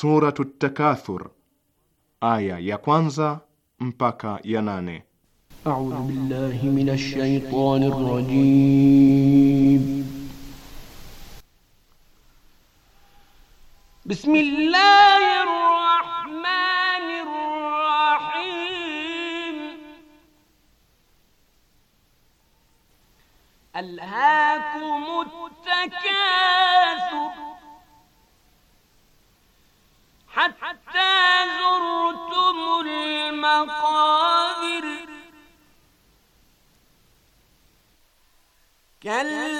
Suratu Takathur aya ya kwanza mpaka ya nane. A'udhu billahi minash shaitanir rajim. Bismillah المقابر كلا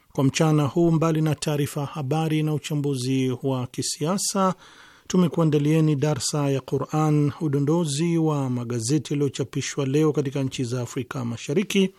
Kwa mchana huu, mbali na taarifa habari na uchambuzi wa kisiasa, tumekuandalieni darsa ya Quran, udondozi wa magazeti yaliyochapishwa leo katika nchi za Afrika Mashariki,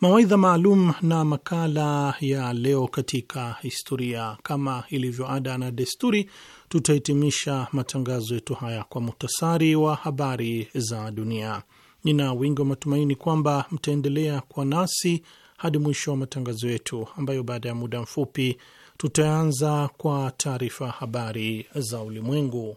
mawaidha maalum na makala ya leo katika historia. Kama ilivyo ada na desturi, tutahitimisha matangazo yetu haya kwa muhtasari wa habari za dunia. Nina wingi wa matumaini kwamba mtaendelea kwa nasi hadi mwisho wa matangazo yetu, ambayo baada ya muda mfupi tutaanza kwa taarifa habari za ulimwengu.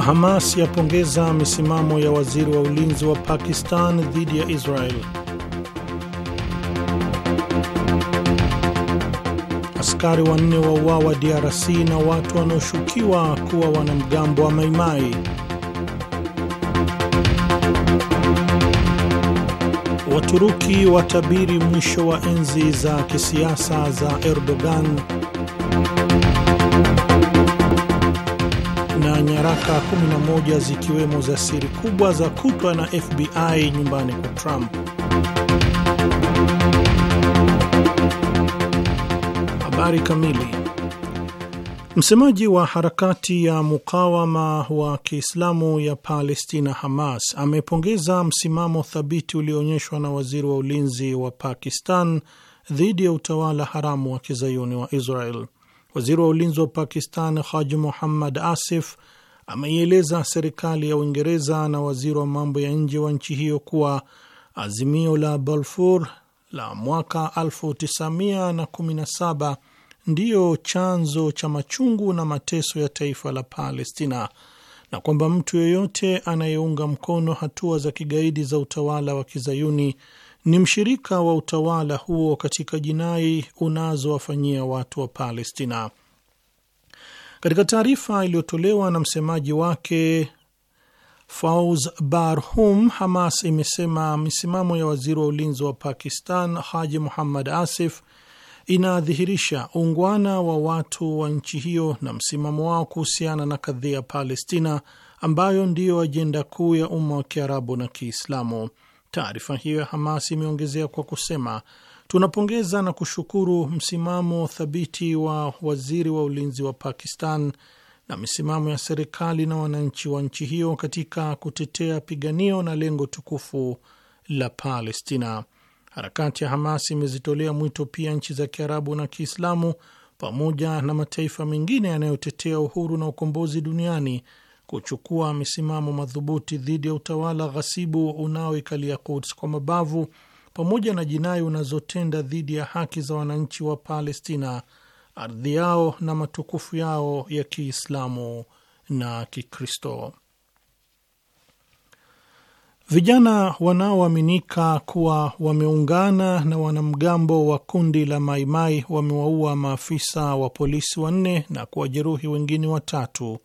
Hamas yapongeza misimamo ya waziri wa ulinzi wa Pakistan dhidi ya Israel. Askari wanne wauawa DRC na watu wanaoshukiwa kuwa wanamgambo wa Maimai. Waturuki watabiri mwisho wa enzi za kisiasa za Erdogan nyaraka 11 zikiwemo za siri kubwa za kutwa na FBI nyumbani kwa Trump. Habari kamili. Msemaji wa harakati ya mukawama wa Kiislamu ya Palestina Hamas amepongeza msimamo thabiti ulioonyeshwa na waziri wa ulinzi wa Pakistan dhidi ya utawala haramu wa kizayuni wa Israel. Waziri wa ulinzi wa Pakistan Haji Muhammad Asif ameieleza serikali ya Uingereza na waziri wa mambo ya nje wa nchi hiyo kuwa azimio la Balfour la mwaka 1917 ndiyo chanzo cha machungu na mateso ya taifa la Palestina na kwamba mtu yeyote anayeunga mkono hatua za kigaidi za utawala wa kizayuni ni mshirika wa utawala huo katika jinai unazowafanyia watu wa Palestina. Katika taarifa iliyotolewa na msemaji wake Fauz Barhum, Hamas imesema misimamo ya waziri wa ulinzi wa Pakistan Haji Muhammad Asif inadhihirisha uungwana wa watu wa nchi hiyo na msimamo wao kuhusiana na kadhia Palestina ambayo ndiyo ajenda kuu ya umma wa Kiarabu na Kiislamu. Taarifa hiyo ya Hamas imeongezea kwa kusema Tunapongeza na kushukuru msimamo thabiti wa waziri wa ulinzi wa Pakistan na misimamo ya serikali na wananchi wa nchi hiyo katika kutetea piganio na lengo tukufu la Palestina. Harakati ya Hamas imezitolea mwito pia nchi za Kiarabu na Kiislamu pamoja na mataifa mengine yanayotetea uhuru na ukombozi duniani kuchukua misimamo madhubuti dhidi ya utawala ghasibu unaoikalia Quds kwa mabavu pamoja na jinai unazotenda dhidi ya haki za wananchi wa Palestina, ardhi yao na matukufu yao ya Kiislamu na Kikristo. Vijana wanaoaminika kuwa wameungana na wanamgambo wa kundi la Maimai wamewaua maafisa wa polisi wanne na kuwajeruhi wengine watatu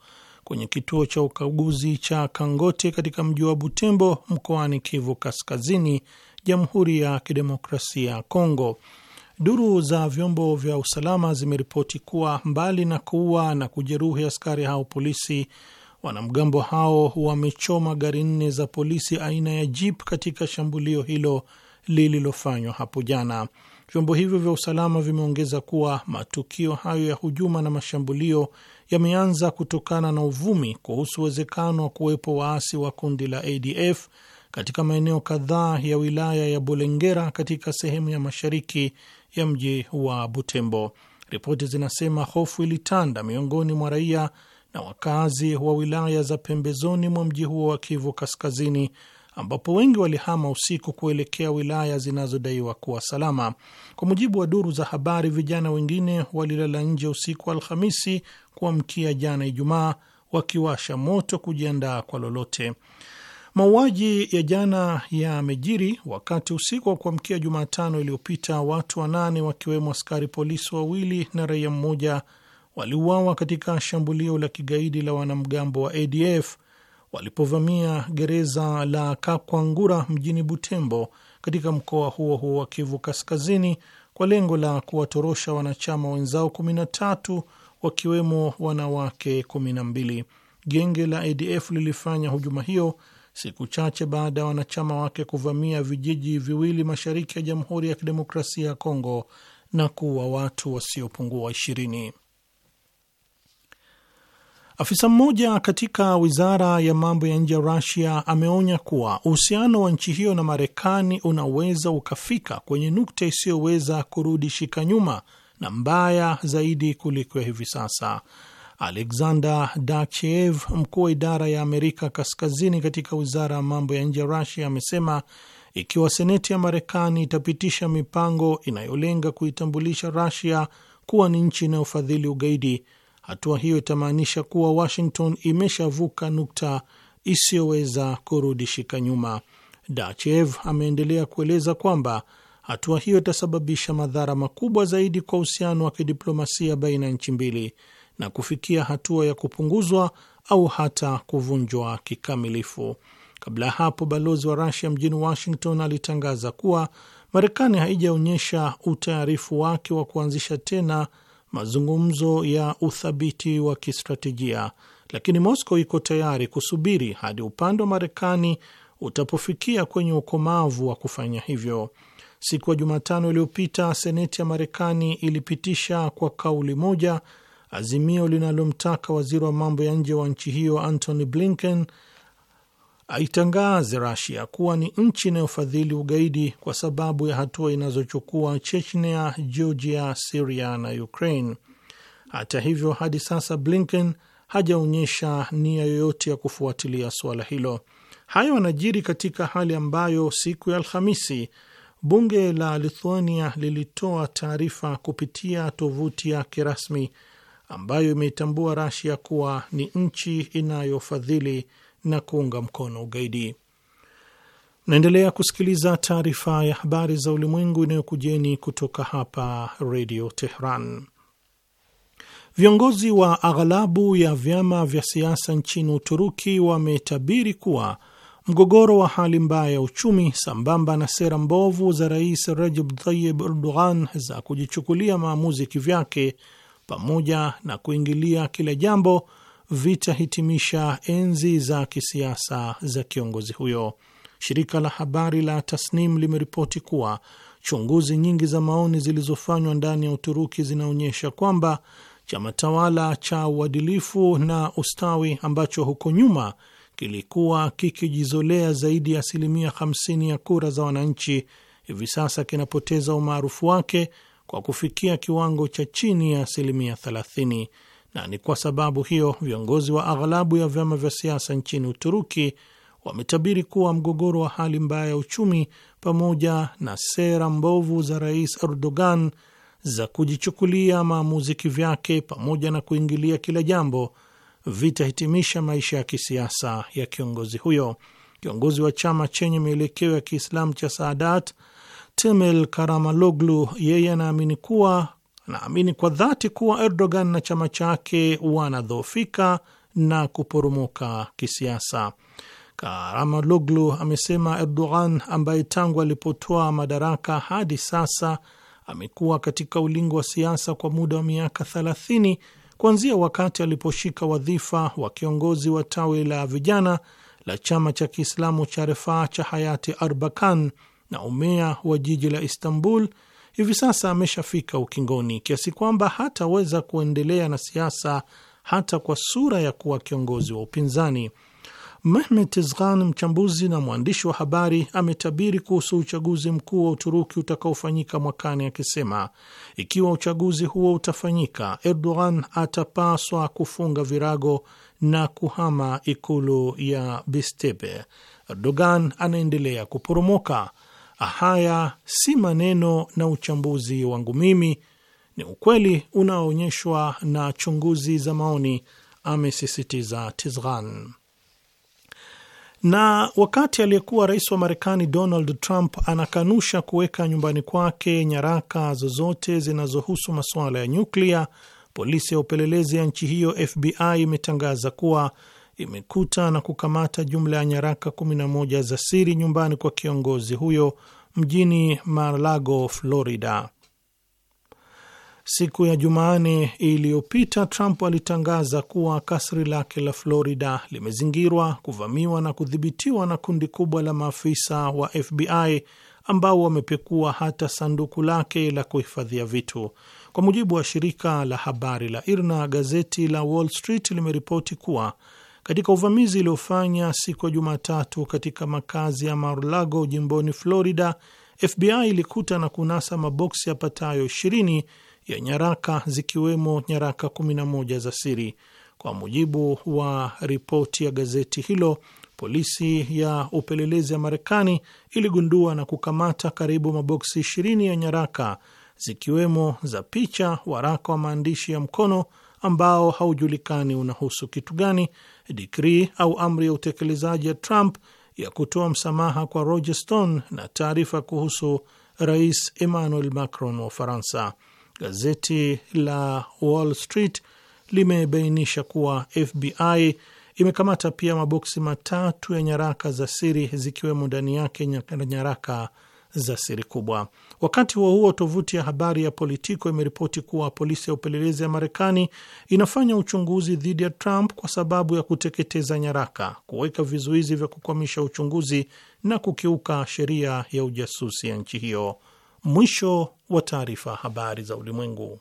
kwenye kituo cha ukaguzi cha kangote katika mji wa Butembo mkoani Kivu Kaskazini Jamhuri ya Kidemokrasia ya Kongo. Duru za vyombo vya usalama zimeripoti kuwa mbali na kuua na kujeruhi askari hao polisi, wanamgambo hao wamechoma gari nne za polisi aina ya jeep katika shambulio hilo lililofanywa hapo jana. Vyombo hivyo vya usalama vimeongeza kuwa matukio hayo ya hujuma na mashambulio yameanza kutokana na uvumi kuhusu uwezekano wa kuwepo waasi wa kundi la ADF katika maeneo kadhaa ya wilaya ya Bulengera katika sehemu ya mashariki ya mji wa Butembo. Ripoti zinasema hofu ilitanda miongoni mwa raia na wakazi wa wilaya za pembezoni mwa mji huo wa Kivu Kaskazini, ambapo wengi walihama usiku kuelekea wilaya zinazodaiwa kuwa salama. Kwa mujibu wa duru za habari, vijana wengine walilala nje usiku wa Alhamisi kuamkia jana Ijumaa wakiwasha moto kujiandaa kwa lolote. Mauaji ya jana yamejiri wakati usiku wa kuamkia Jumatano iliyopita watu wanane wakiwemo askari polisi wawili na raia mmoja waliuawa katika shambulio la kigaidi la wanamgambo wa ADF walipovamia gereza la Kakwangura mjini Butembo katika mkoa huo huo wa Kivu Kaskazini kwa lengo la kuwatorosha wanachama wenzao 13 wakiwemo wanawake 12. Genge la ADF lilifanya hujuma hiyo siku chache baada ya wanachama wake kuvamia vijiji viwili mashariki ya Jamhuri ya Kidemokrasia ya Kongo na kuua watu wasiopungua ishirini. Afisa mmoja katika wizara ya mambo ya nje ya Rusia ameonya kuwa uhusiano wa nchi hiyo na Marekani unaweza ukafika kwenye nukta isiyoweza kurudi shika nyuma na mbaya zaidi kuliko hivi sasa. Alexander Dachev, mkuu wa idara ya Amerika Kaskazini katika wizara ya mambo ya nje ya Rusia, amesema ikiwa seneti ya Marekani itapitisha mipango inayolenga kuitambulisha Rusia kuwa ni nchi inayofadhili ugaidi, hatua hiyo itamaanisha kuwa Washington imeshavuka nukta isiyoweza kurudishika nyuma. Dachev ameendelea kueleza kwamba hatua hiyo itasababisha madhara makubwa zaidi kwa uhusiano wa kidiplomasia baina ya nchi mbili na kufikia hatua ya kupunguzwa au hata kuvunjwa kikamilifu. Kabla ya hapo, balozi wa Rusia mjini Washington alitangaza kuwa Marekani haijaonyesha utayarifu wake wa kuanzisha tena mazungumzo ya uthabiti wa kistratejia, lakini Moscow iko tayari kusubiri hadi upande wa Marekani utapofikia kwenye ukomavu wa kufanya hivyo. Siku ya Jumatano iliyopita, seneti ya Marekani ilipitisha kwa kauli moja azimio linalomtaka waziri wa mambo ya nje wa nchi hiyo Antony Blinken aitangaze Rasia kuwa ni nchi inayofadhili ugaidi kwa sababu ya hatua inazochukua Chechnia, Georgia, Siria na Ukraine. Hata hivyo, hadi sasa Blinken hajaonyesha nia yoyote ya kufuatilia suala hilo. Hayo anajiri katika hali ambayo siku ya Alhamisi bunge la Lithuania lilitoa taarifa kupitia tovuti yake rasmi ambayo imeitambua Rasia kuwa ni nchi inayofadhili na kuunga mkono ugaidi. Naendelea kusikiliza taarifa ya habari za ulimwengu inayokujeni kutoka hapa Redio Tehran. Viongozi wa aghalabu ya vyama vya siasa nchini Uturuki wametabiri kuwa mgogoro wa hali mbaya ya uchumi sambamba na sera mbovu za Rais Recep Tayyip Erdogan za kujichukulia maamuzi kivyake pamoja na kuingilia kila jambo vitahitimisha enzi za kisiasa za kiongozi huyo. Shirika la habari la Tasnim limeripoti kuwa chunguzi nyingi za maoni zilizofanywa ndani ya Uturuki zinaonyesha kwamba chama tawala cha uadilifu na ustawi ambacho huko nyuma kilikuwa kikijizolea zaidi ya asilimia 50 ya kura za wananchi hivi sasa kinapoteza umaarufu wake kwa kufikia kiwango cha chini ya asilimia 30, na ni kwa sababu hiyo viongozi wa aghlabu ya vyama vya siasa nchini Uturuki wametabiri kuwa mgogoro wa hali mbaya ya uchumi pamoja na sera mbovu za Rais Erdogan za kujichukulia maamuzi kivyake pamoja na kuingilia kila jambo vitahitimisha maisha ya kisiasa ya kiongozi huyo. Kiongozi wa chama chenye mielekeo ya Kiislamu cha Saadat Temel Karamaloglu yeye anaamini kuwa anaamini kwa dhati kuwa Erdogan na chama chake wanadhoofika na kuporomoka kisiasa. Karamaloglu amesema Erdogan ambaye tangu alipotoa madaraka hadi sasa amekuwa katika ulingo wa siasa kwa muda wa miaka 30 kuanzia wakati aliposhika wadhifa wa kiongozi wa tawi la vijana la chama cha Kiislamu cha Refaa cha hayati Arbakan na umea wa jiji la Istanbul hivi sasa ameshafika ukingoni kiasi kwamba hataweza kuendelea na siasa hata kwa sura ya kuwa kiongozi wa upinzani. Mehmet Izgan, mchambuzi na mwandishi wa habari, ametabiri kuhusu uchaguzi mkuu wa Uturuki utakaofanyika mwakani akisema, ikiwa uchaguzi huo utafanyika, Erdogan atapaswa kufunga virago na kuhama ikulu ya Bistebe. Erdogan anaendelea kuporomoka. Ah, haya si maneno na uchambuzi wangu mimi, ni ukweli unaoonyeshwa na chunguzi za maoni, amesisitiza Tizghan. Na wakati aliyekuwa rais wa Marekani Donald Trump anakanusha kuweka nyumbani kwake nyaraka zozote zinazohusu masuala ya nyuklia, polisi ya upelelezi ya nchi hiyo FBI imetangaza kuwa imekuta na kukamata jumla ya nyaraka 11 za siri nyumbani kwa kiongozi huyo mjini marlago Florida. Siku ya Jumane iliyopita Trump alitangaza kuwa kasri lake la Florida limezingirwa, kuvamiwa na kudhibitiwa na kundi kubwa la maafisa wa FBI ambao wamepekua hata sanduku lake la kuhifadhia vitu. Kwa mujibu wa shirika la habari la IRNA, gazeti la Wall Street limeripoti kuwa katika uvamizi iliyofanya siku ya Jumatatu katika makazi ya Marlago jimboni Florida, FBI ilikuta na kunasa maboksi yapatayo 20 ya nyaraka zikiwemo nyaraka 11 za siri. Kwa mujibu wa ripoti ya gazeti hilo, polisi ya upelelezi ya Marekani iligundua na kukamata karibu maboksi 20 ya nyaraka zikiwemo za picha, waraka wa maandishi ya mkono ambao haujulikani unahusu kitu gani, dikri au amri ya utekelezaji ya Trump ya kutoa msamaha kwa Roger Stone na taarifa kuhusu Rais Emmanuel Macron wa Ufaransa. Gazeti la Wall Street limebainisha kuwa FBI imekamata pia maboksi matatu ya nyaraka za siri zikiwemo ndani yake nyaraka za siri kubwa. Wakati huo huo, tovuti ya habari ya Politico imeripoti kuwa polisi ya upelelezi ya Marekani inafanya uchunguzi dhidi ya Trump kwa sababu ya kuteketeza nyaraka, kuweka vizuizi vya kukwamisha uchunguzi na kukiuka sheria ya ujasusi ya nchi hiyo. Mwisho wa taarifa. Habari za Ulimwengu.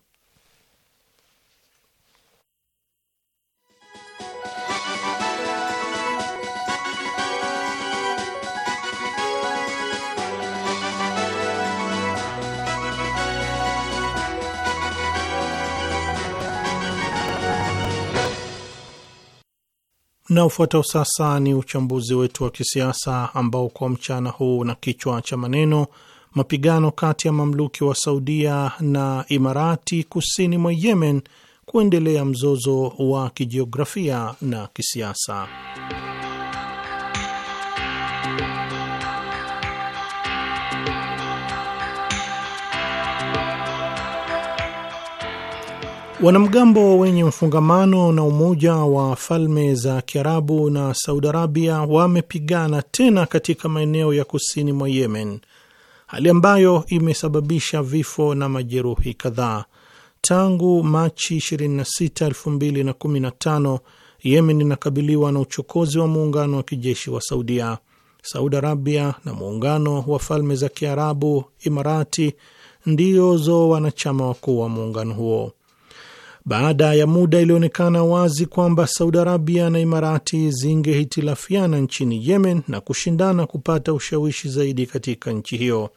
Unaofuata sasa ni uchambuzi wetu wa kisiasa ambao kwa mchana huu na kichwa cha maneno mapigano kati ya mamluki wa Saudia na Imarati kusini mwa Yemen kuendelea mzozo wa kijiografia na kisiasa. Wanamgambo wenye mfungamano na Umoja wa Falme za Kiarabu na Saudi Arabia wamepigana tena katika maeneo ya kusini mwa Yemen, hali ambayo imesababisha vifo na majeruhi kadhaa tangu Machi 26, 2015. Yemen inakabiliwa na uchokozi wa muungano wa kijeshi wa Saudia. Saudi Arabia na muungano wa falme za Kiarabu, Imarati, ndiozo wanachama wakuu wa muungano huo. Baada ya muda ilionekana wazi kwamba Saudi Arabia na Imarati zingehitilafiana nchini Yemen na kushindana kupata ushawishi zaidi katika nchi hiyo.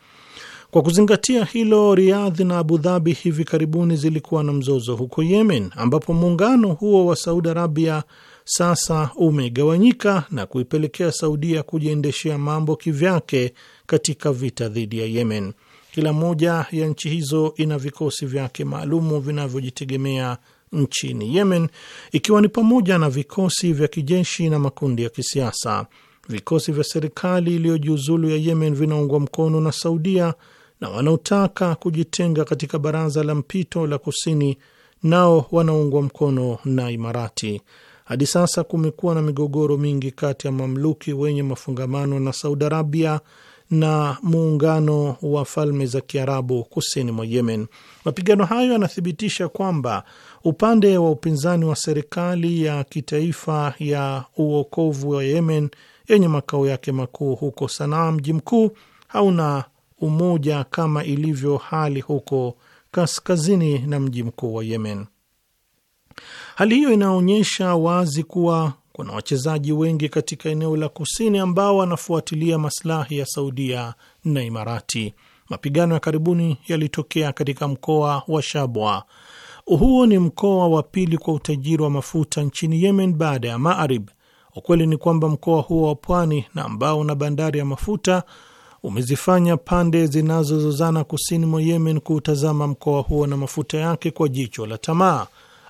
Kwa kuzingatia hilo, riadhi na Abu Dhabi hivi karibuni zilikuwa na mzozo huko Yemen, ambapo muungano huo wa Saudi Arabia sasa umegawanyika na kuipelekea Saudia kujiendeshea mambo kivyake katika vita dhidi ya Yemen. Kila moja ya nchi hizo ina vikosi vyake maalumu vinavyojitegemea nchini Yemen, ikiwa ni pamoja na vikosi vya kijeshi na makundi ya kisiasa. Vikosi vya serikali iliyojiuzulu ya Yemen vinaungwa mkono na Saudia, na wanaotaka kujitenga katika baraza la mpito la kusini nao wanaungwa mkono na Imarati. Hadi sasa kumekuwa na migogoro mingi kati ya mamluki wenye mafungamano na Saudi Arabia na muungano wa falme za Kiarabu kusini mwa Yemen. Mapigano hayo yanathibitisha kwamba upande wa upinzani wa serikali ya kitaifa ya uokovu wa Yemen yenye makao yake makuu huko Sanaa, mji mkuu, hauna umoja kama ilivyo hali huko kaskazini na mji mkuu wa Yemen. Hali hiyo inaonyesha wazi kuwa kuna wachezaji wengi katika eneo la kusini ambao wanafuatilia maslahi ya Saudia na Imarati. Mapigano ya karibuni yalitokea katika mkoa wa Shabwa. Huo ni mkoa wa pili kwa utajiri wa mafuta nchini Yemen baada ya Maarib. Ukweli ni kwamba mkoa huo wa pwani na ambao una bandari ya mafuta umezifanya pande zinazozozana kusini mwa Yemen kuutazama mkoa huo na mafuta yake kwa jicho la tamaa.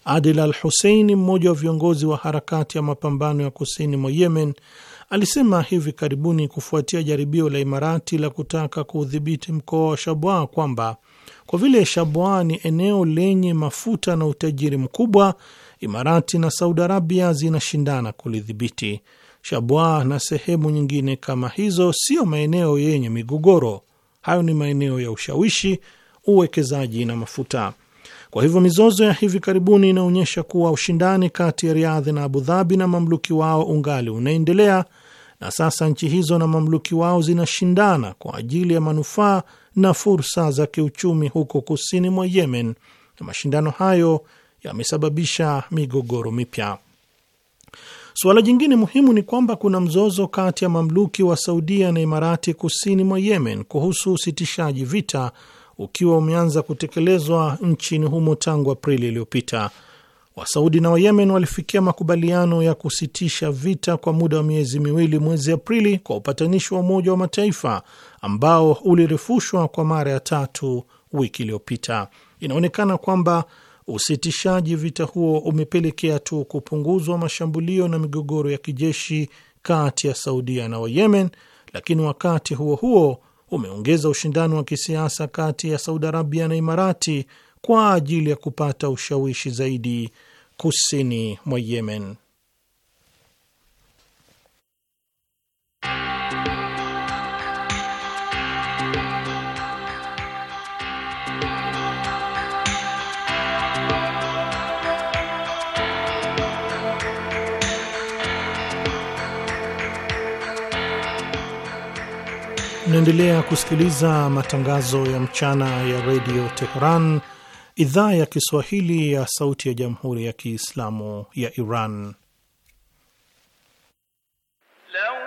Adil Al Huseini, mmoja wa viongozi wa harakati ya mapambano ya kusini mwa Yemen, alisema hivi karibuni kufuatia jaribio la Imarati la kutaka kuudhibiti mkoa wa Shabwa kwamba kwa vile Shabwa ni eneo lenye mafuta na utajiri mkubwa, Imarati na Saudi Arabia zinashindana kulidhibiti. Shabwa na sehemu nyingine kama hizo siyo maeneo yenye migogoro. Hayo ni maeneo ya ushawishi, uwekezaji na mafuta. Kwa hivyo mizozo ya hivi karibuni inaonyesha kuwa ushindani kati ya riadhi na Abu Dhabi na mamluki wao ungali unaendelea, na sasa nchi hizo na mamluki wao zinashindana kwa ajili ya manufaa na fursa za kiuchumi huko kusini mwa Yemen, na mashindano hayo yamesababisha migogoro mipya. Suala jingine muhimu ni kwamba kuna mzozo kati ya mamluki wa Saudia na Imarati kusini mwa Yemen kuhusu usitishaji vita ukiwa umeanza kutekelezwa nchini humo tangu Aprili iliyopita. Wasaudi na Wayemen walifikia makubaliano ya kusitisha vita kwa muda wa miezi miwili mwezi Aprili kwa upatanishi wa Umoja wa Mataifa ambao ulirefushwa kwa mara ya tatu wiki iliyopita. Inaonekana kwamba usitishaji vita huo umepelekea tu kupunguzwa mashambulio na migogoro ya kijeshi kati ya Saudia na Wayemen, lakini wakati huo huo umeongeza ushindano wa kisiasa kati ya Saudi Arabia na Imarati kwa ajili ya kupata ushawishi zaidi kusini mwa Yemen. Unaendelea kusikiliza matangazo ya mchana ya redio Teheran, idhaa ya Kiswahili ya sauti ya jamhuri ya Kiislamu ya Iran. Hello?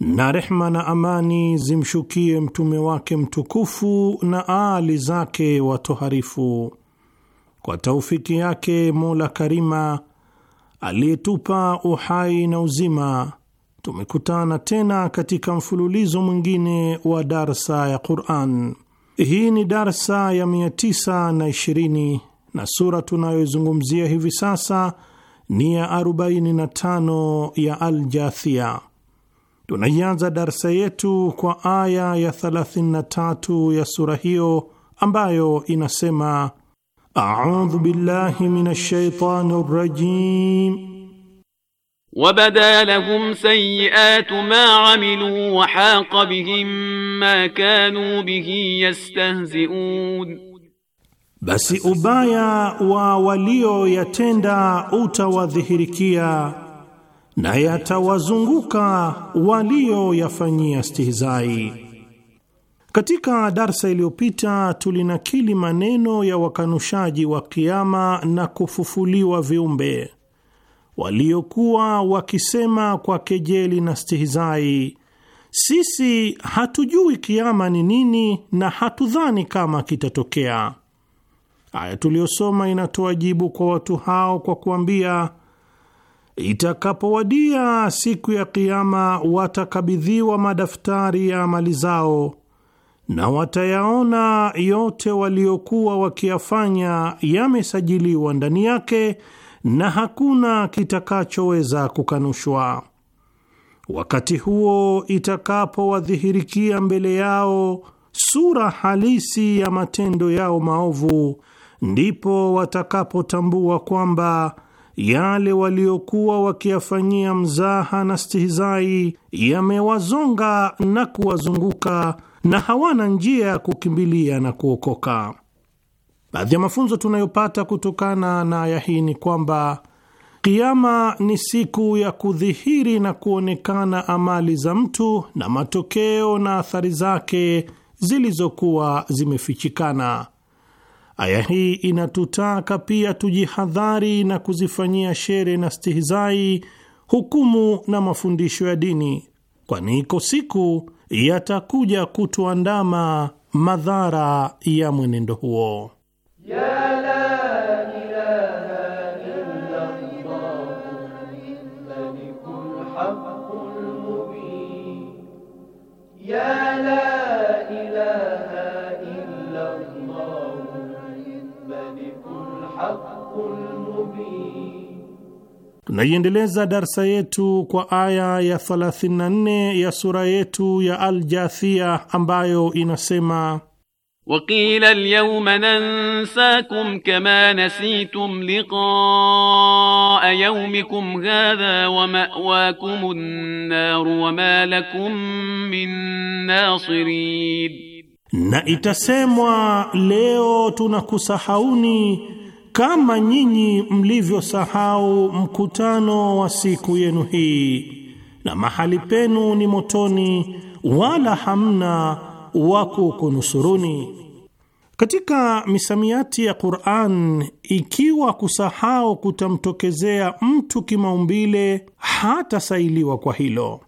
na rehma na amani zimshukie mtume wake mtukufu na aali zake watoharifu. Kwa taufiki yake Mola Karima aliyetupa uhai na uzima, tumekutana tena katika mfululizo mwingine wa darsa ya Quran. Hii ni darsa ya 920 na sura tunayoizungumzia hivi sasa ni ya 45 ya Aljathia. Tunaianza darsa yetu kwa aya ya 33 ya sura hiyo ambayo inasema: audhu billahi minash shaitani rajim wabada lahum sayiatu ma amilu wa haqa bihim ma kanu bihi yastahziun, basi ubaya wa walioyatenda utawadhihirikia na yatawazunguka walioyafanyia stihizai. Katika darsa iliyopita tulinakili maneno ya wakanushaji wa kiama na kufufuliwa viumbe waliokuwa wakisema kwa kejeli na stihizai, sisi hatujui kiama ni nini na hatudhani kama kitatokea. Aya tuliyosoma inatoa jibu kwa watu hao kwa kuambia Itakapowadia siku ya Kiama, watakabidhiwa madaftari ya amali zao na watayaona yote waliokuwa wakiyafanya yamesajiliwa ndani yake na hakuna kitakachoweza kukanushwa. Wakati huo itakapowadhihirikia mbele yao sura halisi ya matendo yao maovu, ndipo watakapotambua kwamba yale waliokuwa wakiyafanyia mzaha na stihizai yamewazonga na kuwazunguka na hawana njia ya kukimbilia na kuokoka. Baadhi ya mafunzo tunayopata kutokana na aya hii ni kwamba kiama ni siku ya kudhihiri na kuonekana amali za mtu na matokeo na athari zake zilizokuwa zimefichikana. Aya hii inatutaka pia tujihadhari na kuzifanyia shere na stihizai hukumu na mafundisho ya dini, kwani iko siku yatakuja kutuandama madhara ya mwenendo huo Yeah. Tunaiendeleza darsa yetu kwa aya ya 34 ya sura yetu ya Al-Jathia ambayo inasema wakila alyawma nansakum kama nasitum liqaa yawmikum hadha wa ma'wakum an-nar wa ma lakum min nasirin, na itasemwa leo tunakusahauni kama nyinyi mlivyosahau mkutano wa siku yenu hii, na mahali penu ni motoni, wala hamna wa kukunusuruni. Katika misamiati ya Qur'an, ikiwa kusahau kutamtokezea mtu kimaumbile, hatasailiwa kwa hilo,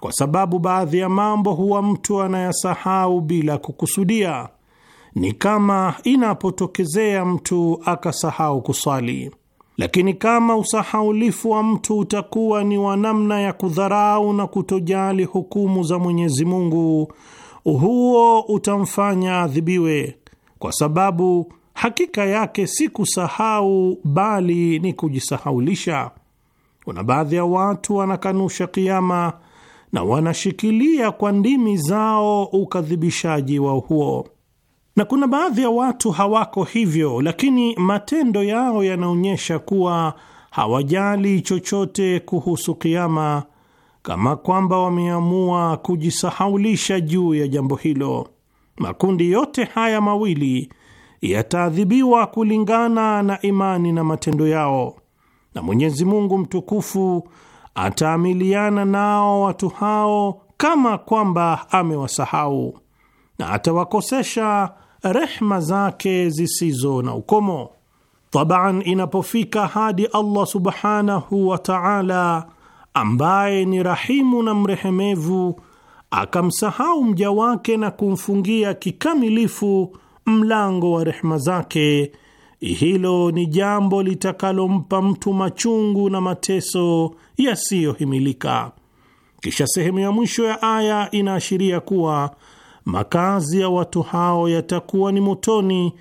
kwa sababu baadhi ya mambo huwa mtu anayasahau bila kukusudia ni kama inapotokezea mtu akasahau kuswali. Lakini kama usahaulifu wa mtu utakuwa ni wa namna ya kudharau na kutojali hukumu za Mwenyezi Mungu, huo utamfanya adhibiwe, kwa sababu hakika yake si kusahau, bali ni kujisahaulisha. Kuna baadhi ya watu wanakanusha kiama na wanashikilia kwa ndimi zao ukadhibishaji wa huo na kuna baadhi ya watu hawako hivyo, lakini matendo yao yanaonyesha kuwa hawajali chochote kuhusu kiama, kama kwamba wameamua kujisahaulisha juu ya jambo hilo. Makundi yote haya mawili yataadhibiwa kulingana na imani na matendo yao, na Mwenyezi Mungu mtukufu ataamiliana nao watu hao kama kwamba amewasahau na atawakosesha rehma zake zisizo na ukomo. Taban, inapofika hadi Allah subhanahu wa taala ambaye ni rahimu na mrehemevu, akamsahau mja wake na kumfungia kikamilifu mlango wa rehma zake, hilo ni jambo litakalompa mtu machungu na mateso yasiyohimilika. Kisha sehemu ya mwisho ya aya inaashiria kuwa makazi ya watu hao yatakuwa ni motoni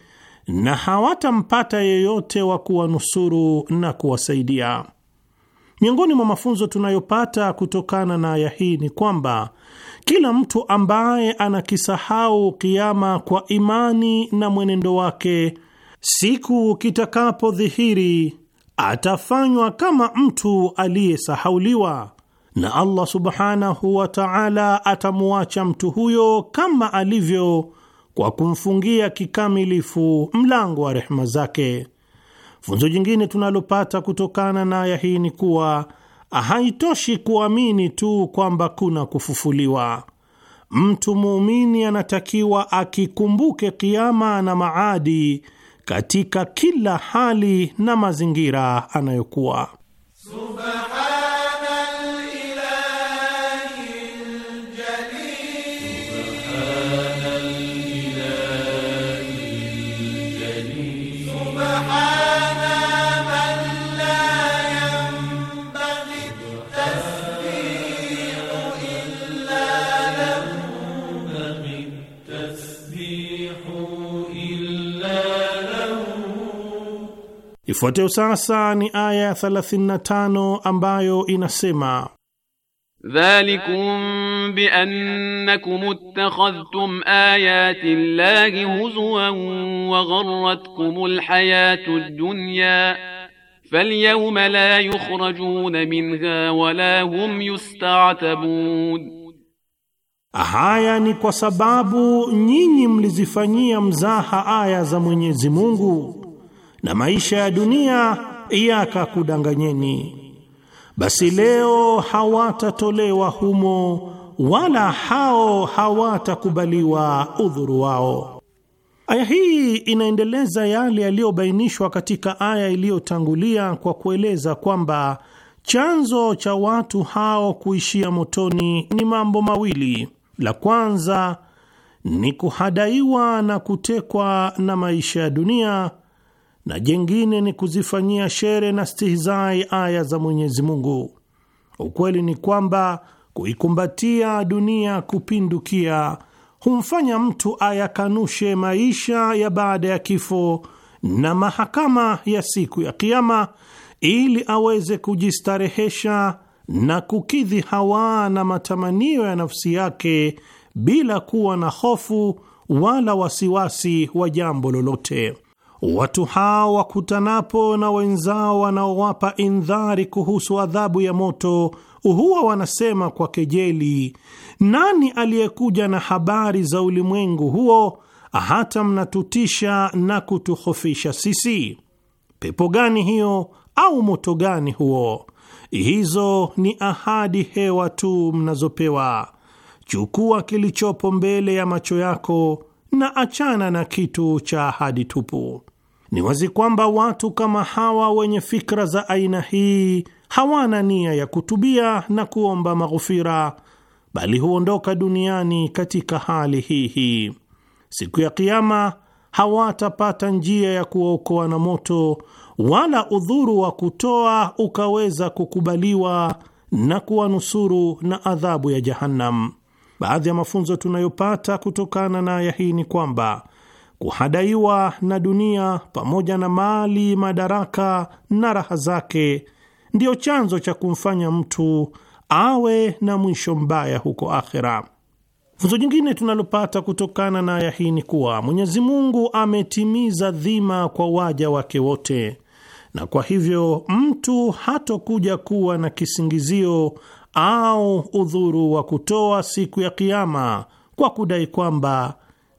na hawatampata yeyote wa kuwanusuru na kuwasaidia. Miongoni mwa mafunzo tunayopata kutokana na aya hii ni kwamba kila mtu ambaye anakisahau kiama kwa imani na mwenendo wake, siku kitakapodhihiri atafanywa kama mtu aliyesahauliwa na Allah subhanahu wa ta'ala atamuacha mtu huyo kama alivyo kwa kumfungia kikamilifu mlango wa rehema zake. Funzo jingine tunalopata kutokana na aya hii ni kuwa haitoshi kuamini tu kwamba kuna kufufuliwa. Mtu muumini anatakiwa akikumbuke kiama na maadi katika kila hali na mazingira anayokuwa Subhan Ifuatayo sasa ni aya 35 ambayo inasema Dhalikum bi annakum ittakhadhtum ayati Allahi huzwan wa gharratkum alhayatu ad-dunya falyawma la yukhrajuna minha wa la hum yusta'tabun, haya ni kwa sababu nyinyi mlizifanyia mzaha aya za Mwenyezi Mungu na maisha ya dunia yakakudanganyeni, basi leo hawatatolewa humo wala hao hawatakubaliwa udhuru wao. Aya hii inaendeleza yale yaliyobainishwa katika aya iliyotangulia kwa kueleza kwamba chanzo cha watu hao kuishia motoni ni mambo mawili. La kwanza ni kuhadaiwa na kutekwa na maisha ya dunia na jengine ni kuzifanyia shere na stihizai aya za Mwenyezi Mungu. Ukweli ni kwamba kuikumbatia dunia kupindukia humfanya mtu ayakanushe maisha ya baada ya kifo na mahakama ya siku ya Kiama ili aweze kujistarehesha na kukidhi hawa na matamanio ya nafsi yake bila kuwa na hofu wala wasiwasi wa jambo lolote. Watu hao wakutanapo na wenzao wanaowapa indhari kuhusu adhabu ya moto huwa wanasema kwa kejeli, nani aliyekuja na habari za ulimwengu huo hata mnatutisha na kutuhofisha sisi? Pepo gani hiyo au moto gani huo? Hizo ni ahadi hewa tu mnazopewa. Chukua kilichopo mbele ya macho yako na achana na kitu cha ahadi tupu. Ni wazi kwamba watu kama hawa wenye fikra za aina hii hawana nia ya kutubia na kuomba maghufira, bali huondoka duniani katika hali hii hii. Siku ya Kiama hawatapata njia ya kuwaokoa na moto, wala udhuru wa kutoa ukaweza kukubaliwa na kuwanusuru na adhabu ya Jahannam. Baadhi ya mafunzo tunayopata kutokana na aya hii ni kwamba kuhadaiwa na dunia pamoja na mali, madaraka na raha zake ndiyo chanzo cha kumfanya mtu awe na mwisho mbaya huko akhera. Funzo jingine tunalopata kutokana na aya hii ni kuwa Mwenyezi Mungu ametimiza dhima kwa waja wake wote, na kwa hivyo mtu hatokuja kuwa na kisingizio au udhuru wa kutoa siku ya Kiama kwa kudai kwamba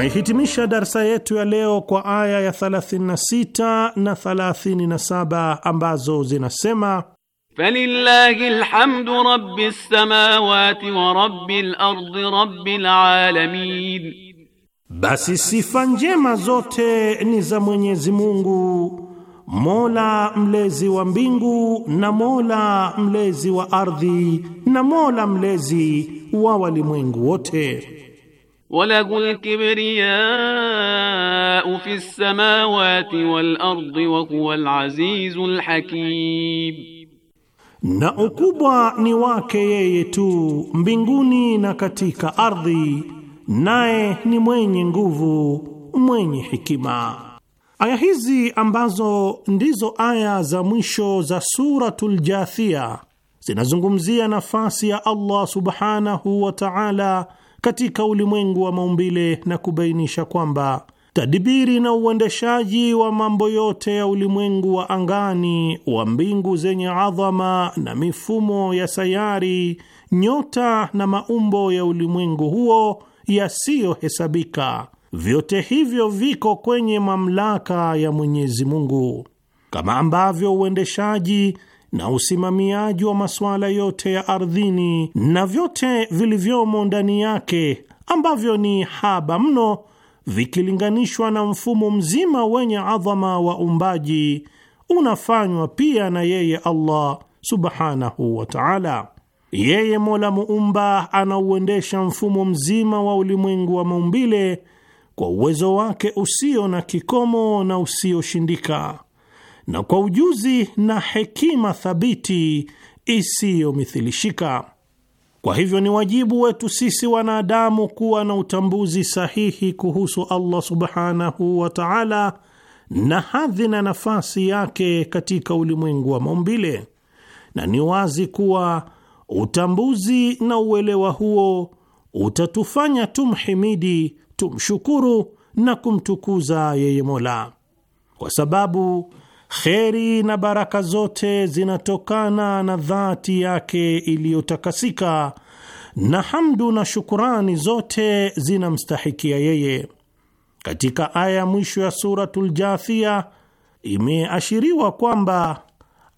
Tunaihitimisha darsa yetu ya leo kwa aya ya 36 na 37 ambazo zinasema Falillahi alhamdu rabbis samawati wa rabbil ardi rabbil alamin, basi sifa njema zote ni za Mwenyezi Mungu Mola mlezi wa mbingu na Mola mlezi wa ardhi na Mola mlezi wa walimwengu wote. وله الكبرياء في السماوات والأرض وهو العزيز الحكيم, na ukubwa ni wake yeye tu mbinguni na katika ardhi, naye ni mwenye nguvu mwenye hikima. Aya hizi ambazo ndizo aya za mwisho za Suratul Jathia zinazungumzia nafasi ya Allah subhanahu wa ta'ala katika ulimwengu wa maumbile na kubainisha kwamba tadibiri na uendeshaji wa mambo yote ya ulimwengu wa angani, wa mbingu zenye adhama na mifumo ya sayari, nyota na maumbo ya ulimwengu huo yasiyohesabika, vyote hivyo viko kwenye mamlaka ya Mwenyezi Mungu, kama ambavyo uendeshaji na usimamiaji wa masuala yote ya ardhini na vyote vilivyomo ndani yake ambavyo ni haba mno vikilinganishwa na mfumo mzima wenye adhama wa uumbaji unafanywa pia na yeye Allah subhanahu wa ta'ala. Yeye Mola muumba anauendesha mfumo mzima wa ulimwengu wa maumbile kwa uwezo wake usio na kikomo na usioshindika na kwa ujuzi na hekima thabiti isiyomithilishika. Kwa hivyo ni wajibu wetu sisi wanadamu kuwa na utambuzi sahihi kuhusu Allah subhanahu wa ta'ala na hadhi na nafasi yake katika ulimwengu wa maumbile, na ni wazi kuwa utambuzi na uelewa huo utatufanya tumhimidi, tumshukuru na kumtukuza yeye Mola, kwa sababu kheri na baraka zote zinatokana na dhati yake iliyotakasika na hamdu na shukurani zote zinamstahikia yeye. Katika aya ya mwisho ya Suratul Jathia imeashiriwa kwamba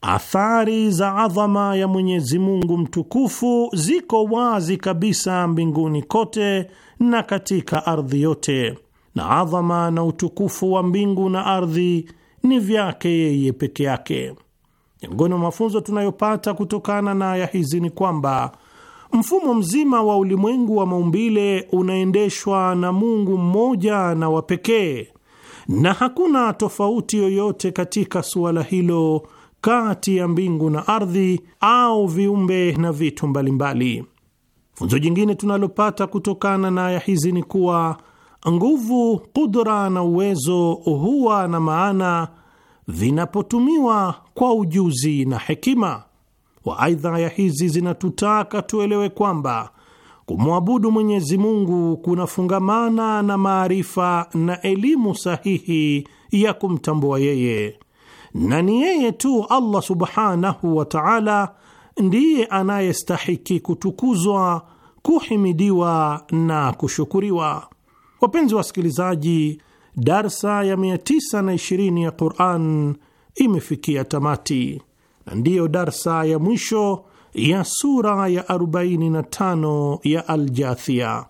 athari za adhama ya Mwenyezi Mungu mtukufu ziko wazi kabisa mbinguni kote na katika ardhi yote, na adhama na utukufu wa mbingu na ardhi ni vyake yeye peke yake. Miongoni mwa mafunzo tunayopata kutokana na aya hizi ni kwamba mfumo mzima wa ulimwengu wa maumbile unaendeshwa na Mungu mmoja na wa pekee, na hakuna tofauti yoyote katika suala hilo kati ya mbingu na ardhi au viumbe na vitu mbalimbali Funzo jingine tunalopata kutokana na aya hizi ni kuwa Nguvu, kudra na uwezo huwa na maana vinapotumiwa kwa ujuzi na hekima. wa aidha ya hizi zinatutaka tuelewe kwamba kumwabudu Mwenyezi Mungu kunafungamana na maarifa na elimu sahihi ya kumtambua yeye, na ni yeye tu Allah subhanahu wa ta'ala ndiye anayestahiki kutukuzwa, kuhimidiwa na kushukuriwa. Wapenzi wasikilizaji, darsa ya 920 ya Quran imefikia tamati na ndiyo darsa ya mwisho ya sura ya 45 ya Aljathia.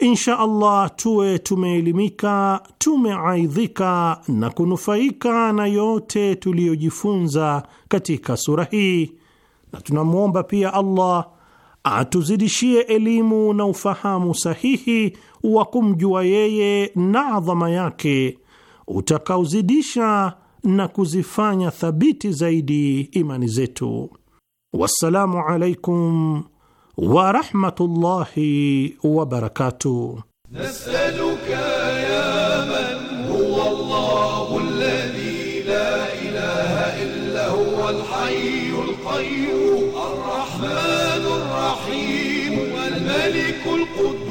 Insha Allah tuwe tumeelimika, tumeaidhika na kunufaika na yote tuliyojifunza katika sura hii, na tunamwomba pia Allah atuzidishie elimu na ufahamu sahihi wa kumjua yeye na adhama yake utakaozidisha na kuzifanya thabiti zaidi imani zetu. Wassalamu alaikum warahmatullahi wabarakatuh. القدوس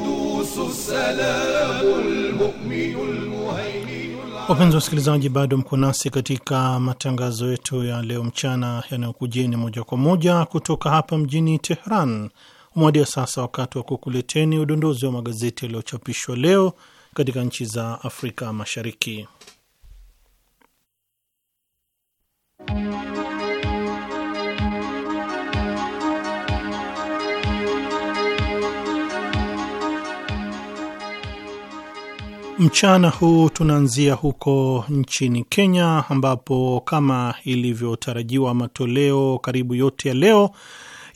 Wapenzi wa wasikilizaji, bado mko nasi katika matangazo yetu ya leo mchana yanayokujeni moja kwa moja kutoka hapa mjini Tehran. Umewadia sasa wakati wa kukuleteni udondozi wa magazeti yaliyochapishwa leo katika nchi za Afrika Mashariki. Mchana huu tunaanzia huko nchini Kenya ambapo kama ilivyotarajiwa matoleo karibu yote ya leo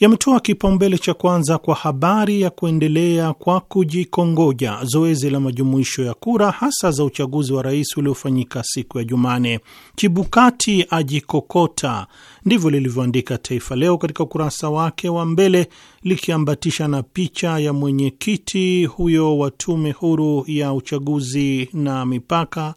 yametoa kipaumbele cha kwanza kwa habari ya kuendelea kwa kujikongoja zoezi la majumuisho ya kura hasa za uchaguzi wa rais uliofanyika siku ya Jumane. Chibukati ajikokota Ndivyo lilivyoandika Taifa Leo katika ukurasa wake wa mbele, likiambatisha na picha ya mwenyekiti huyo wa tume huru ya uchaguzi na mipaka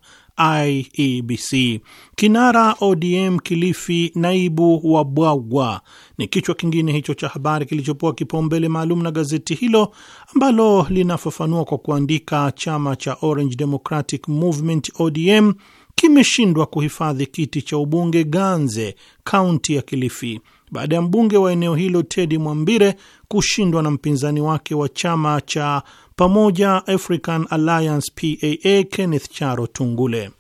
IEBC. Kinara ODM Kilifi, naibu wa Bwagwa ni kichwa kingine hicho cha habari kilichopewa kipaumbele maalum na gazeti hilo ambalo linafafanua kwa kuandika chama cha Orange Democratic Movement ODM kimeshindwa kuhifadhi kiti cha ubunge Ganze, kaunti ya Kilifi, baada ya mbunge wa eneo hilo Teddy Mwambire kushindwa na mpinzani wake wa chama cha Pamoja African Alliance PAA, Kenneth Charo Tungule.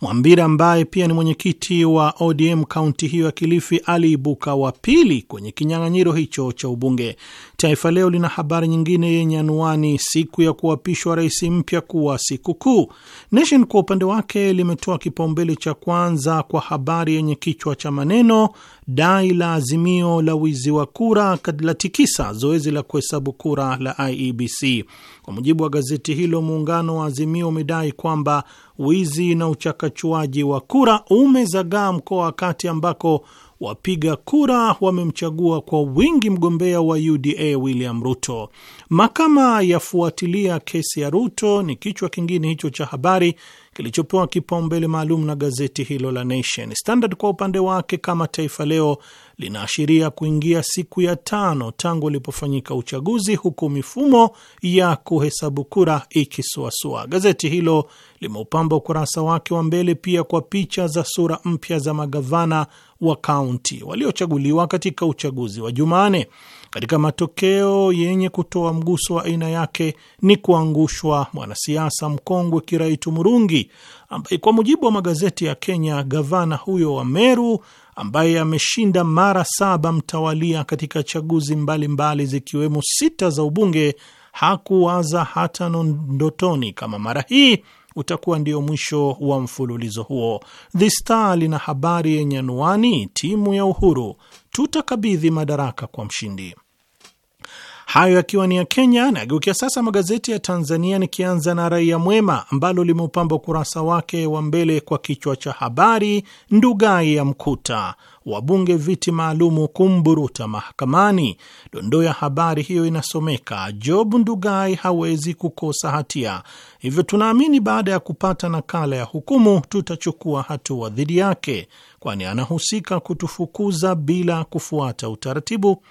Mwambire ambaye pia ni mwenyekiti wa ODM kaunti hiyo ya Kilifi aliibuka wa pili kwenye kinyang'anyiro hicho cha ubunge. Taifa Leo lina habari nyingine yenye anuani siku ya kuapishwa rais mpya kuwa siku kuu Nation kwa upande wake limetoa kipaumbele cha kwanza kwa habari yenye kichwa cha maneno dai la azimio la wizi wa kura la tikisa zoezi la kuhesabu kura la IEBC. Kwa mujibu wa gazeti hilo, muungano wa Azimio umedai kwamba wizi na uchakachuaji wa kura umezagaa mkoa wa Kati ambako wapiga kura wamemchagua kwa wingi mgombea wa UDA William Ruto. Mahakama yafuatilia kesi ya Ruto ni kichwa kingine hicho cha habari kilichopewa kipaumbele maalum na gazeti hilo la Nation. Standard kwa upande wake, kama Taifa Leo, linaashiria kuingia siku ya tano tangu ulipofanyika uchaguzi, huku mifumo ya kuhesabu kura ikisuasua. Gazeti hilo limeupamba ukurasa wake wa mbele pia kwa picha za sura mpya za magavana wa kaunti waliochaguliwa katika uchaguzi wa Jumanne. Katika matokeo yenye kutoa mguso wa aina yake ni kuangushwa mwanasiasa mkongwe Kiraitu Murungi, ambaye kwa mujibu wa magazeti ya Kenya, gavana huyo wa Meru ambaye ameshinda mara saba mtawalia katika chaguzi mbalimbali mbali zikiwemo sita za ubunge, hakuwaza hata ndotoni kama mara hii utakuwa ndio mwisho wa mfululizo huo. The Star lina habari yenye anwani, timu ya Uhuru tutakabidhi madaraka kwa mshindi. Hayo yakiwa ni ya Kenya. Nageukia sasa magazeti ya Tanzania, nikianza na Raia Mwema ambalo limeupamba ukurasa wake wa mbele kwa kichwa cha habari, Ndugai ya mkuta wabunge viti maalumu kumburuta mahakamani. Dondoo ya habari hiyo inasomeka, Job Ndugai hawezi kukosa hatia, hivyo tunaamini baada ya kupata nakala ya hukumu tutachukua hatua dhidi yake, kwani anahusika kutufukuza bila kufuata utaratibu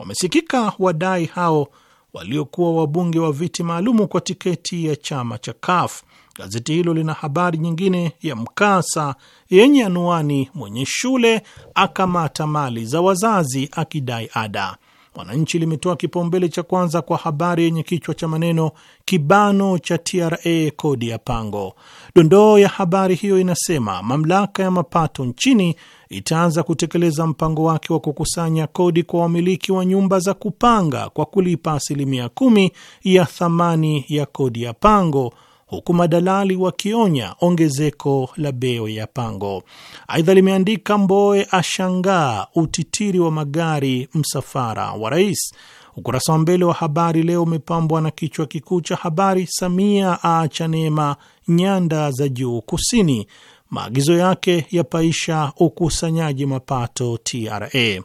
Wamesikika wadai hao waliokuwa wabunge wa viti maalumu kwa tiketi ya chama cha KAF. Gazeti hilo lina habari nyingine ya mkasa yenye anuani, mwenye shule akamata mali za wazazi akidai ada. Mwananchi limetoa kipaumbele cha kwanza kwa habari yenye kichwa cha maneno kibano cha TRA kodi ya pango. Dondoo ya habari hiyo inasema mamlaka ya mapato nchini itaanza kutekeleza mpango wake wa kukusanya kodi kwa wamiliki wa nyumba za kupanga kwa kulipa asilimia kumi ya thamani ya kodi ya pango huku madalali wakionya ongezeko la bei ya pango. Aidha limeandika Mboe ashangaa utitiri wa magari msafara wa rais. Ukurasa wa mbele wa Habari Leo umepambwa na kichwa kikuu cha habari, Samia aacha neema nyanda za juu kusini, maagizo yake yapaisha ukusanyaji mapato TRA.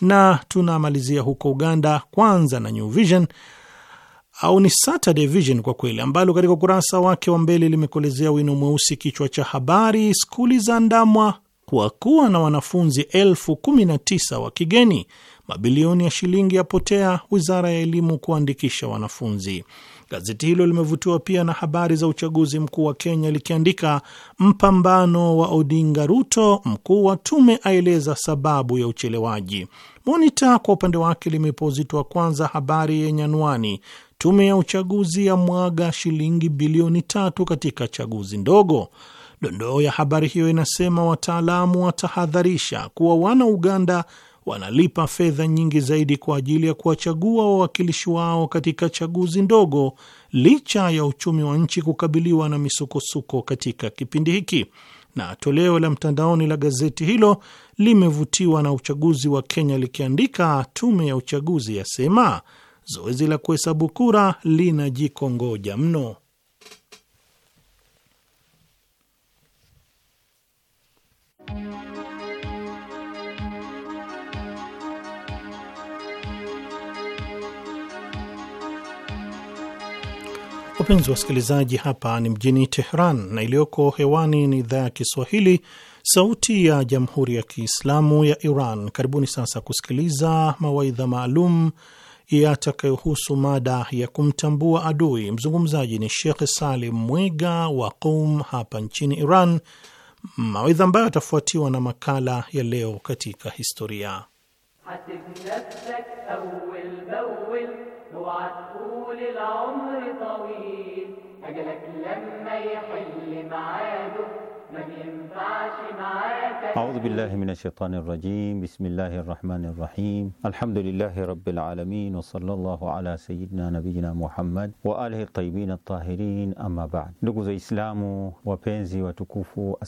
Na tunamalizia huko Uganda, kwanza na New Vision au ni Saturday Vision kwa kweli, ambalo katika ukurasa wake wa mbele limekolezea wino mweusi kichwa cha habari, skuli za ndamwa kwa kuwa na wanafunzi elfu kumi na tisa wa kigeni, mabilioni ya shilingi yapotea, wizara ya elimu kuandikisha wanafunzi. Gazeti hilo limevutiwa pia na habari za uchaguzi mkuu wa Kenya likiandika mpambano wa Odinga Ruto, mkuu wa tume aeleza sababu ya uchelewaji. Monita kwa upande wake limepozitwa kwanza habari yenye anwani Tume ya uchaguzi ya mwaga shilingi bilioni tatu katika chaguzi ndogo. Dondoo ya habari hiyo inasema wataalamu watahadharisha kuwa wana Uganda wanalipa fedha nyingi zaidi kwa ajili ya kuwachagua wawakilishi wao katika chaguzi ndogo, licha ya uchumi wa nchi kukabiliwa na misukosuko katika kipindi hiki. Na toleo la mtandaoni la gazeti hilo limevutiwa na uchaguzi wa Kenya likiandika, tume ya uchaguzi yasema zoezi la kuhesabu kura linajikongoja mno. Wapenzi wasikilizaji, hapa ni mjini Tehran na iliyoko hewani ni idhaa ya Kiswahili, Sauti ya Jamhuri ya Kiislamu ya Iran. Karibuni sasa kusikiliza mawaidha maalum yatakayohusu mada ya kumtambua adui. Mzungumzaji ni Shekh Salim Mwega wa Qum hapa nchini Iran, mawaidha ambayo atafuatiwa na makala ya leo katika historia. أعوذ بالله من الشيطان الرجيم بسم الله الرحمن الرحيم الحمد لله رب العالمين وصلى الله على سيدنا نبينا محمد وآله الطيبين الطاهرين أما بعد ba'd. إسلام وبنزي Islamu wapenzi watukufu,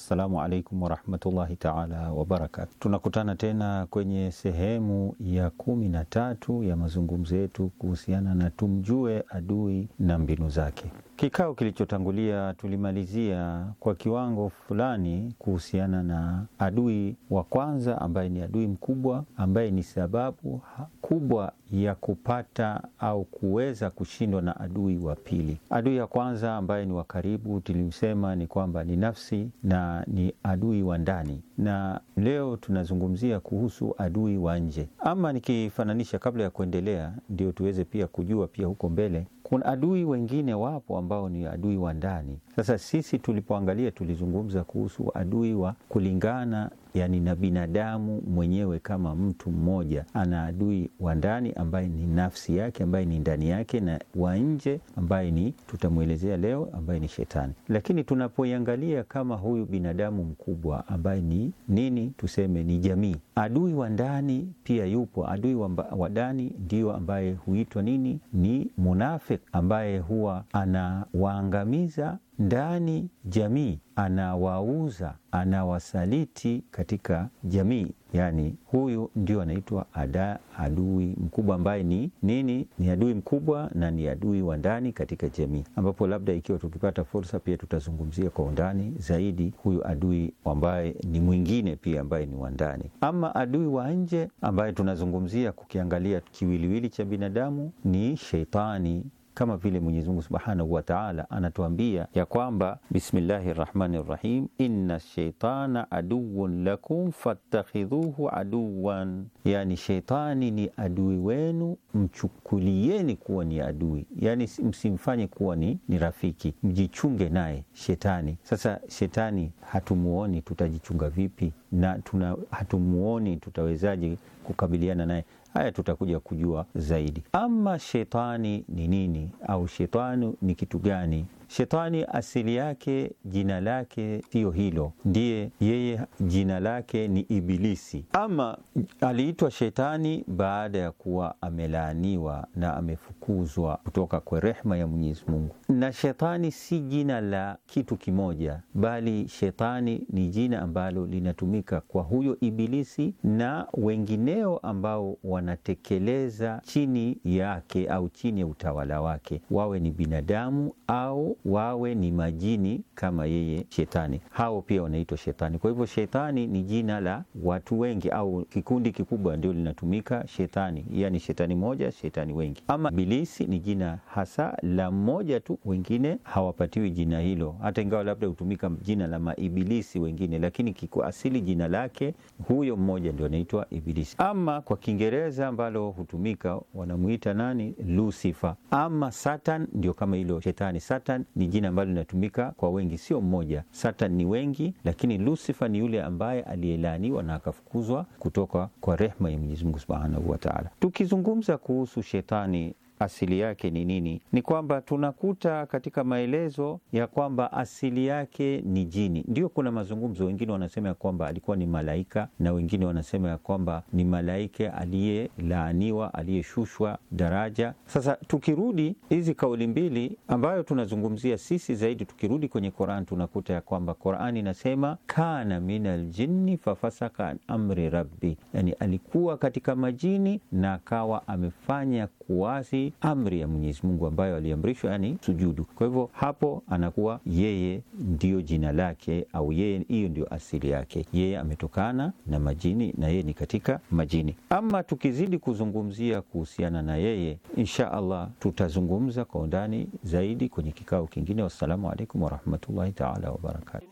ورحمة الله تعالى وبركاته wabarakatu. Tunakutana tena kwenye sehemu ya kumi na tatu ya mazungumzo yetu kuhusiana na tumjue adui na mbinu zake. Kikao kilichotangulia tulimalizia kwa kiwango fulani kuhusiana na adui wa kwanza ambaye ni adui mkubwa ambaye ni sababu kubwa ya kupata au kuweza kushindwa na adui wa pili. Adui ya kwanza ambaye ni wa karibu, tulimsema ni kwamba ni nafsi na ni adui wa ndani, na leo tunazungumzia kuhusu adui wa nje. Ama nikifananisha, kabla ya kuendelea, ndio tuweze pia kujua pia huko mbele kuna adui wengine wapo ambao ni adui wa ndani. Sasa sisi tulipoangalia, tulizungumza kuhusu adui wa kulingana yani na binadamu mwenyewe kama mtu mmoja ana adui wa ndani ambaye ni nafsi yake ambaye ni ndani yake, na wa nje ambaye ni tutamwelezea leo, ambaye ni shetani. Lakini tunapoiangalia kama huyu binadamu mkubwa ambaye ni nini, tuseme ni jamii, adui wa ndani pia yupo. Adui wa ndani ndiyo ambaye huitwa nini, ni munafik ambaye huwa anawaangamiza ndani jamii, anawauza anawasaliti katika jamii. Yani huyu ndio anaitwa ada adui mkubwa, ambaye ni nini? Ni adui mkubwa na ni adui wa ndani katika jamii, ambapo labda ikiwa tukipata fursa pia tutazungumzia kwa undani zaidi huyu adui ambaye ni mwingine pia ambaye ni wa ndani. Ama adui wa nje ambaye tunazungumzia kukiangalia kiwiliwili cha binadamu ni sheitani kama vile Mwenyezi Mungu Subhanahu wa Ta'ala anatuambia ya kwamba bismillahi rahmani rahim, inna shaitana aduwun lakum fattakhidhuhu aduwan, yani shaitani ni adui wenu, mchukulieni kuwa ni adui, yani msimfanye kuwa ni, ni rafiki, mjichunge naye shetani. Sasa shetani hatumuoni, tutajichunga vipi? na tuna hatumuoni, tutawezaje kukabiliana naye? Haya tutakuja kujua zaidi. Ama shetani ni nini au shetani ni kitu gani? Shetani asili yake jina lake siyo hilo, ndiye yeye jina lake ni Ibilisi, ama aliitwa shetani baada ya kuwa amelaaniwa na amefukuzwa kutoka kwa rehma ya Mwenyezi Mungu. Na shetani si jina la kitu kimoja, bali shetani ni jina ambalo linatumika kwa huyo Ibilisi na wengineo ambao wanatekeleza chini yake au chini ya utawala wake, wawe ni binadamu au wawe ni majini kama yeye shetani. Hao pia wanaitwa shetani. Kwa hivyo shetani ni jina la watu wengi au kikundi kikubwa ndio linatumika shetani, yani shetani moja, shetani wengi. Ama bilisi ni jina hasa la mmoja tu, wengine hawapatiwi jina hilo, hata ingawa labda hutumika jina la maibilisi wengine, lakini kikuasili jina lake huyo mmoja ndio anaitwa ibilisi. Ama kwa Kiingereza ambalo hutumika wanamuita nani? Lucifer ama Satan, ndio kama hilo shetani. Satan ni jina ambalo linatumika kwa wengi, sio mmoja. Satan ni wengi, lakini Lusifa ni yule ambaye aliyelaaniwa na akafukuzwa kutoka kwa rehma ya Mwenyezi Mungu subhanahu wa taala. Tukizungumza kuhusu shetani asili yake ni nini, ni kwamba tunakuta katika maelezo ya kwamba asili yake ni jini. Ndio kuna mazungumzo, wengine wanasema ya kwamba alikuwa ni malaika na wengine wanasema ya kwamba ni malaika aliyelaaniwa, aliyeshushwa daraja. Sasa tukirudi hizi kauli mbili ambayo tunazungumzia sisi zaidi, tukirudi kwenye qoran tunakuta ya kwamba qoran inasema kana min jinni fafasaka an amri rabbi, yani alikuwa katika majini na akawa amefanya kuasi amri ya Mwenyezi Mungu ambayo aliamrishwa, yani sujudu. Kwa hivyo hapo anakuwa yeye ndiyo jina lake, au yeye hiyo ndio asili yake, yeye ametokana na majini na yeye ni katika majini. Ama tukizidi kuzungumzia kuhusiana na yeye, insha Allah tutazungumza kwa undani zaidi kwenye kikao kingine. Wassalamu alaikum warahmatullahi taala wabarakatu.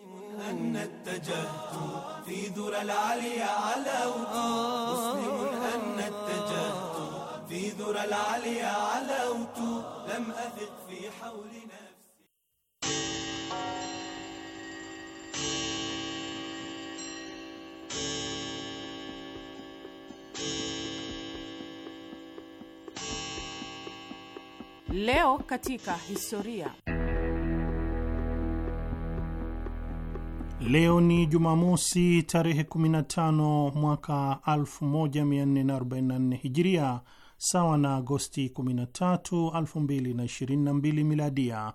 علوت لم أثق في حول نفسي Leo katika historia. Leo ni Jumamosi tarehe 15 mwaka 1444 Hijiria sawa na Agosti 13, 2022 miladia.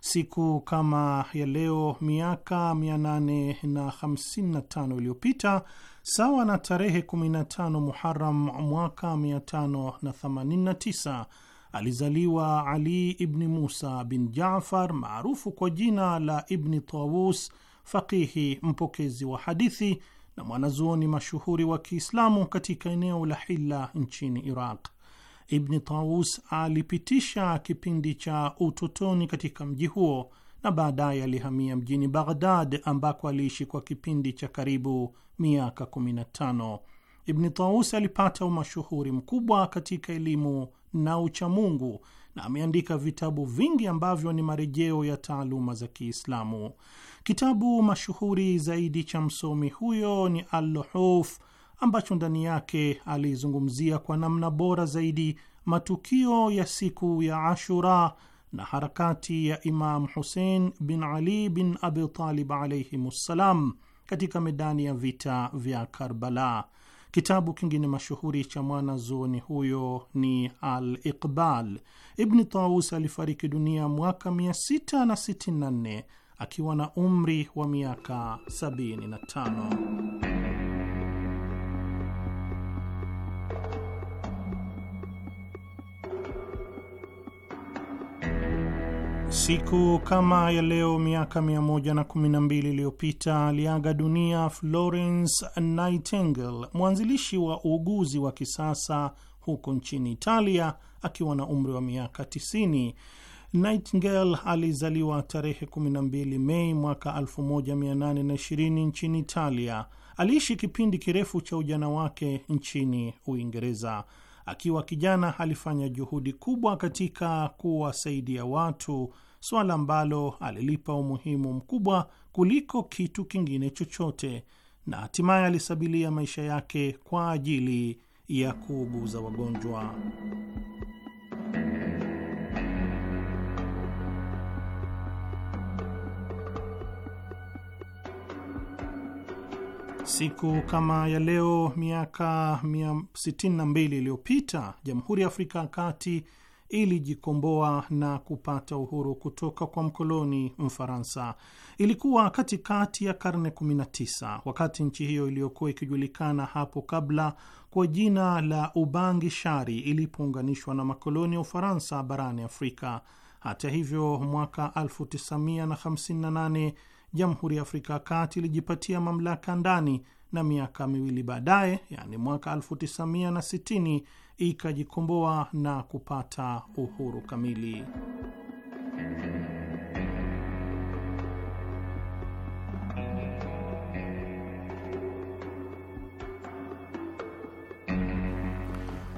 Siku kama ya leo miaka 855 iliyopita, sawa na tarehe 15 Muharam mwaka 589 alizaliwa Ali ibni Musa bin Jafar maarufu kwa jina la Ibni Tawus, faqihi mpokezi wa hadithi na mwanazuoni mashuhuri wa Kiislamu katika eneo la Hilla nchini Iraq. Ibni Taus alipitisha kipindi cha utotoni katika mji huo na baadaye alihamia mjini Baghdad ambako aliishi kwa kipindi cha karibu miaka 15. Ibni Taus alipata umashuhuri mkubwa katika elimu na uchamungu na ameandika vitabu vingi ambavyo ni marejeo ya taaluma za Kiislamu. Kitabu mashuhuri zaidi cha msomi huyo ni Al-Luhuf ambacho ndani yake alizungumzia kwa namna bora zaidi matukio ya siku ya Ashura na harakati ya Imam Husein bin Ali bin Abi Talib katika medani ya vita vya Karbala. Kitabu kingine mashuhuri cha mwana zuoni huyo ni Al-Iqbal. Ibni Taus alifariki dunia mwaka 664 akiwa na umri wa miaka 75. Siku kama ya leo miaka 112 iliyopita aliaga dunia Florence Nightingale, mwanzilishi wa uuguzi wa kisasa huko nchini Italia akiwa na umri wa miaka 90. Nightingale alizaliwa tarehe 12 Mei mwaka 1820 nchini Italia. Aliishi kipindi kirefu cha ujana wake nchini Uingereza. Akiwa kijana alifanya juhudi kubwa katika kuwasaidia watu suala ambalo alilipa umuhimu mkubwa kuliko kitu kingine chochote, na hatimaye alisabilia maisha yake kwa ajili ya kuuguza wagonjwa. Siku kama ya leo miaka 62 iliyopita Jamhuri ya Afrika ya Kati ilijikomboa na kupata uhuru kutoka kwa mkoloni Mfaransa. Ilikuwa katikati ya karne 19 wakati nchi hiyo iliyokuwa ikijulikana hapo kabla kwa jina la Ubangi Shari ilipounganishwa na makoloni ya Ufaransa barani Afrika. Hata hivyo, mwaka 1958 Jamhuri ya Afrika ya Kati ilijipatia mamlaka ndani na miaka miwili baadaye, yani mwaka 1960 ikajikomboa na kupata uhuru kamili.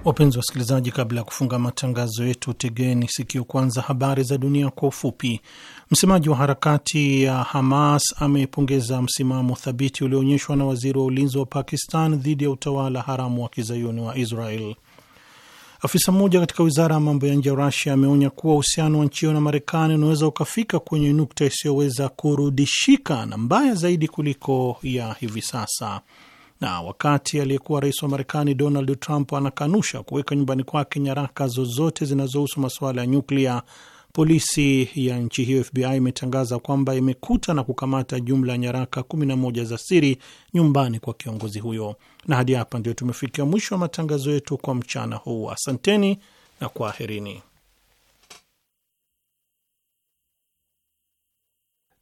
Wapenzi wa wasikilizaji, kabla ya kufunga matangazo yetu, tegeni sikio kwanza habari za dunia kwa ufupi. Msemaji wa harakati ya Hamas amepongeza msimamo thabiti ulioonyeshwa na waziri wa ulinzi wa Pakistan dhidi ya utawala haramu wa kizayuni wa Israel. Afisa mmoja katika wizara ya mambo ya nje ya Rusia ameonya kuwa uhusiano wa nchi hiyo na Marekani unaweza ukafika kwenye nukta isiyoweza kurudishika na mbaya zaidi kuliko ya hivi sasa. Na wakati aliyekuwa rais wa Marekani Donald Trump anakanusha kuweka nyumbani kwake nyaraka zozote zinazohusu masuala ya nyuklia Polisi ya nchi hiyo FBI imetangaza kwamba imekuta na kukamata jumla ya nyaraka 11 za siri nyumbani kwa kiongozi huyo. Na hadi hapa ndio tumefikia mwisho wa matangazo yetu kwa mchana huu. Asanteni na kwaherini.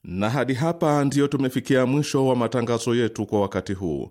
Na hadi hapa ndiyo tumefikia mwisho wa matangazo yetu kwa wakati huu.